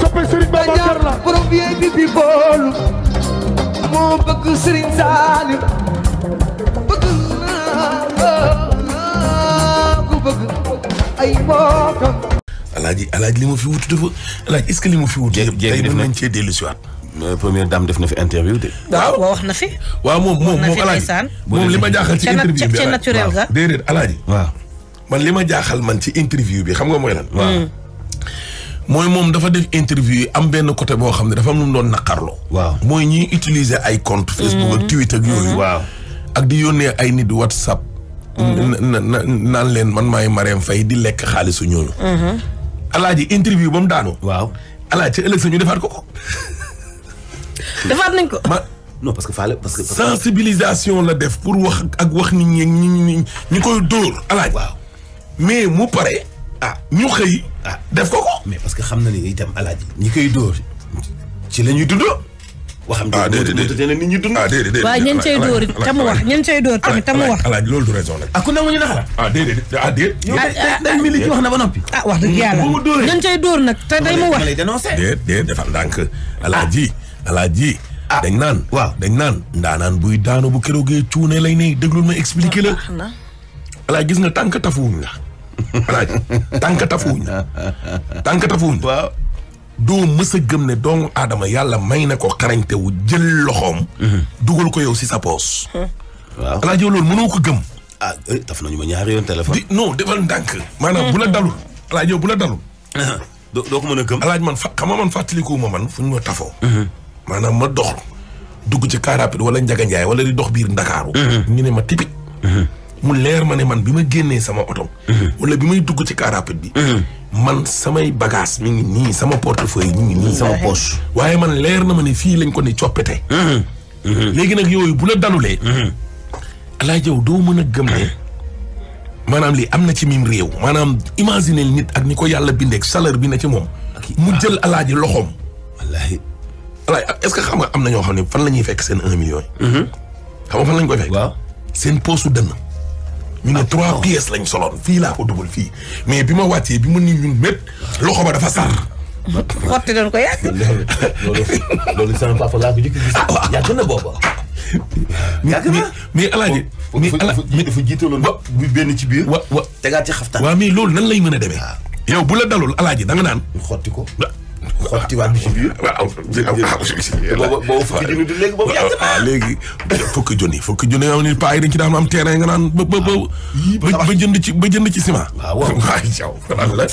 soppe Serigne Babacar la borom VIP li ma fi wut dafa alaaji est-ce que li ma nañ cee dellu si waat première dame def na fi interview de. waaw wax na fi. waaw moom moom moom alaaji moom li ma jaaxal ci interview bi ca naturel ga déedéet waaw man li ma jaaxal man ci interview bi xam nga mooy lan waaw mm. mooy moom dafa def interview am benn côté boo xam ne dafa am lu mu doon naqarloo. mooy ñiy utiliser ay compte Facebook ak mm-hmm. Twitter ak yooyu. waaw ak di yónnee ay nit WhatsApp. na mm-hmm. na naan leen man maay Marème fay di lekk xaalisu ñooñu. Mm-hmm. alaaji interview ba mu daanoo. waaw alaaji ci ëllëg sa ñu defaat ko ko. defaat nañ ko. non parce que faale parce que. sensibilisation la def pour wax ak wax nit ñi ñi ñi koy dóor. alaaji waaw mais mu pare. ah ñu xëy. Ah, def ko ko. mais parce que xam na ni itam alaaji ñi koy dóor ci la ñuy dund. waxam ah, déedéet nit ñi dund. ah tam alaaji du raison nag. ah ku nangu ñu nax la. ci ah, wax na ba noppi. wax dëgg yàlla ñan cay dóor nag te day ma wax. déet déet defal ndànk alaaji alaaji dañ naan waaw dañ naan ndaanaan buy daanu bu keroogee cuune lay ne déglul ma expliqué la alaa gis nga tànk tafuwuñ la alaaj tànk tafuwuñ tànk tafuwuñ waaw doo mës gëm ne doomu aadama yàlla may na ko xarañte wu jël loxoom mhm. dugal ko yow si sa poos hmm. waaw alaaj yow loolu mënoo ko gëm ah eh, daf nañu ma ñaari yoon téléphone di non defal ndànk maanaam bu la hmm. dalul alaaj bu la dalul doo ko mën a gëm alaaj man fa xam nga man fàttaliku ma man fu ñu ma tafoo mhm. maanaam ma dox dugg ci car rapide wala njaganjaay wala di dox biir ndakaaru mhm. ñu ne ma tipit mu leer ma ne man bi ma génnee sama oto. Mhm. wala bi may dugg ci car bi. Mhm. man samay bagage mi ngi nii sama portefeuille mi nii sama poche. waaye man leer na ma ne fii lañ ko ni coppite. Mhm. léegi nag yooyu bu la dalulee. alaa jaw doo mën a gëm ne. maanaam lii am na ci mim réew maanaam imaginer nit ak ni ko yàlla bindeek chaleur bi na ci moom. mu jël alaaji loxoom. wallaahi. wallaahi est-ce que xam nga am na ñoo xam ne fan la ñuy fekk seen un million yi. xam nga fan lañ koy fekk. seen poche su dënn. ñu ne trois pièces lañ soloon fii laa ko dugal fii mais bi ma wàccee bi ma ni ñun mépp loxo ba dafa sar xotti doon ko yàgg. loolu loolu sama papa laa ko jëkk gis. yàgg na booba. yàgg na mais alaaji. mais alaaji dafa jiitaloon bu benn ci biir. wa wa tegaat ci xaftaan. waaw mais loolu nan lay mën a demee. Ah. yow bu la dalul alaaji da nga naan. xotti ko. xottiwaat bi fukki junni du léegi boobu yàgg naa. léegi fukki junni fukki ne paa yi dañ ci daan am terrain nga naan ba ba ba ah, jënd ci ba jënd ci ciment. Ah, waaw waaw waaw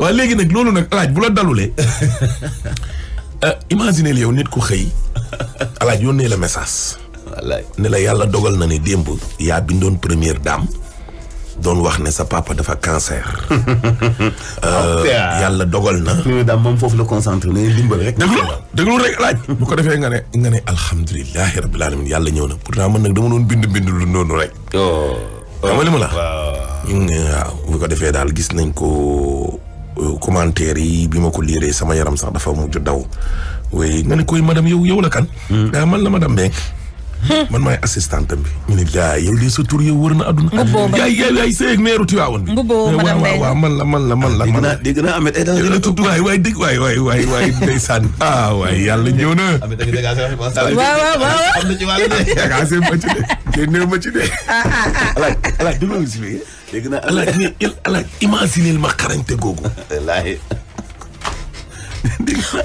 waaw léegi nag loolu nag alaaj bula la dalulee euh, imaginez yow nit ku xëy alaaj yónnee la message. wallaay ne la yàlla dogal na ne démb yaa bindoon première dame. doon wax ne sa papa dafa cancer. Euh, ah, yàlla dogal na. ñu daal moom foofu la concentré nañu dimbal rek. déglu déglu rek bu ko defee nga ne nga ne alhamdulilahi rabbil alamin yàlla ñëw na pourtant man nag dama doon bind bind lu noonu rek. Oh, xam nga ma la. waaw mm, ko defee daal gis nañ ko euh, commentaire yi bi ma ko liiree sama yaram sax dafa mujj daw. waaye nga ne koy madame yow yow la kan. ah man la madame Mbengue. man maay assistante am bi. ñu ne gars yow de sa tur yow wër na àdduna. mbubboo ba yaay yaay seeg meeru Tiwaawan bi. mbubboo madame Mbengue waaw waaw man la man la man la. dégg naa dégg naa Ahmed Aidara la tudd. waay waay dégg waay waay waay waay ndeysaan. ah waay yàlla ñëw na. Ahmed Aidara dégg naa waaw waaw waaw. am na ci wàllu de. dégg seen ma ci de. te néew ma ci de. alaaj alaaj déglu si léegi. dégg naa alaaj ni alaaj imagineel ma xarañte googu. wallaahi.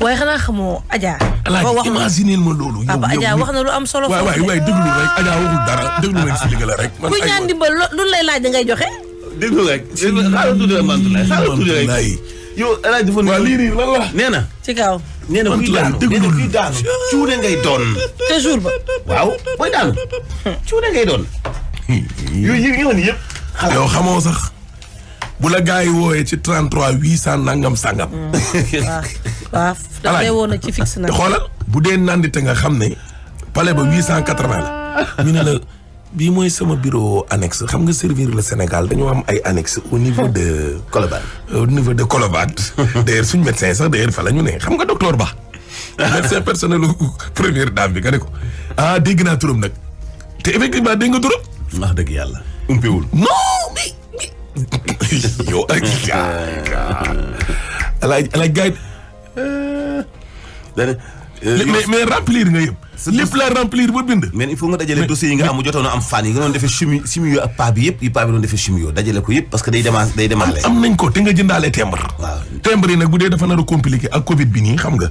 waaye xanaa xamoo Adja. wax imaginer ma loolu. yow Adja wax na lu am solo. waay waay waay déglu rek Adja waxul dara déglu rek si li la rek. man ay ku ñaan dimbal lu lay laaj da ngay joxe. déglu rek. xaaral tuuti rek Mantoulaye xaaral tuuti rek yow El Hadj Fone. waaw lii nii lan la. nee na ci kaw. nee na kuy daanu nee na kuy daanu. cuune ngay doon. te jour ba. waaw booy daanu. cuune ngay doon. yooyu yëpp yow xamoo sax. bu la gars yi wooyee ci 33 800 nangam sangam. Mm. waaw waaw daf lay woon ci fixe na. xoolal bu dee nandite nga xam ne palais ba 880 la ñu ne la bii mooy sama bureau annexe xam nga servir le Sénégal dañoo am ay annexe au niveau de. Colobane au niveau de Colobane. d'ailleurs suñu médecin sax d'ailleurs fa la ñu ne xam nga docteur Ba. médecin personnel première dame bi nga ne ko ah dégg naa turam nag te effectivement dégg nga turam. wax dëgg yàlla. yow ak alaaj alaaj gars yi mais mais remplir nga yëpp. lépp la remplir ba bind. mais il faut nga dajale dossiers yi nga am jotoon a am fan yi nga doon defee chimie chimie ak paa bi yëpp yi paa bi doon defee chimie yoo dajale ko yëpp parce que day demaas day demaale. am nañ ko te nga jëndaale timbre. waaw timbre yi nag bu dee dafa nar a compliqué ak Covid bi nii xam nga.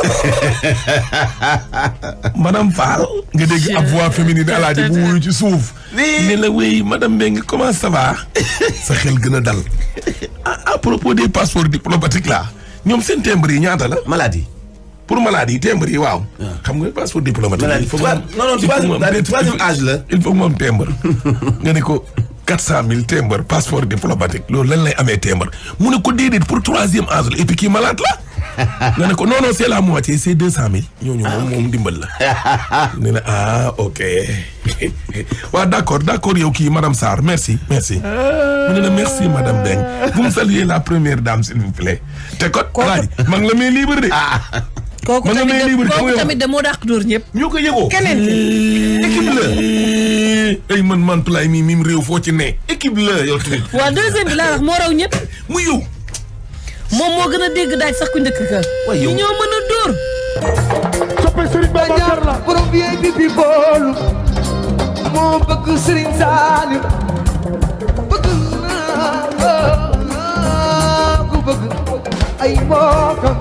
madame Fall. nga dégg ab voix féminine alaaji bu wuyu ci suuf. ne la wéy madame Mbengue nga ça va. sa xel gën a dal. à propos des passeports diplomatiques la ñoom seen timbre yi ñaata la. maladie. pour maladie timbre yi waaw. Ah. xam nga passeport diplomatique. maladie non non troisième âge la. il faut que moom timbre. nga ne ko quatre cent mille timbre passeport diplomatique. loolu lan la amee timbre mu ne ko déedéet pour troisième âge la et puis la. nga ne ko non non c'est la moitié c'est deux cent mille. ñooñu moom moom dimbal la. Ah. nee na ah ok waaw d'accord d'accord yow kii madame Sarr merci merci. mu ne la merci madame Dieng vous me saluez la première dame s'il vous plaît. te kon alaaji maa ngi la may ah. libre de. kooku tamit de moo dàq dóor ñëpp. ñoo ko yëgoo keneen équipe la. ay man Mantoulaye mii mii réew foo ci ne. équipe la yow tamit. waaw deuxième bi laa wax moo raw ñëpp. mu yow. moom moo gën a dégg daaj sax ku njëkk ka ñu ñoo mën a dóor soppe sëriñ Babacar la borom bi ay bi bi boolu moo bëgg sëriñ Saliou bëgg naa ku bëgg ay mbokkam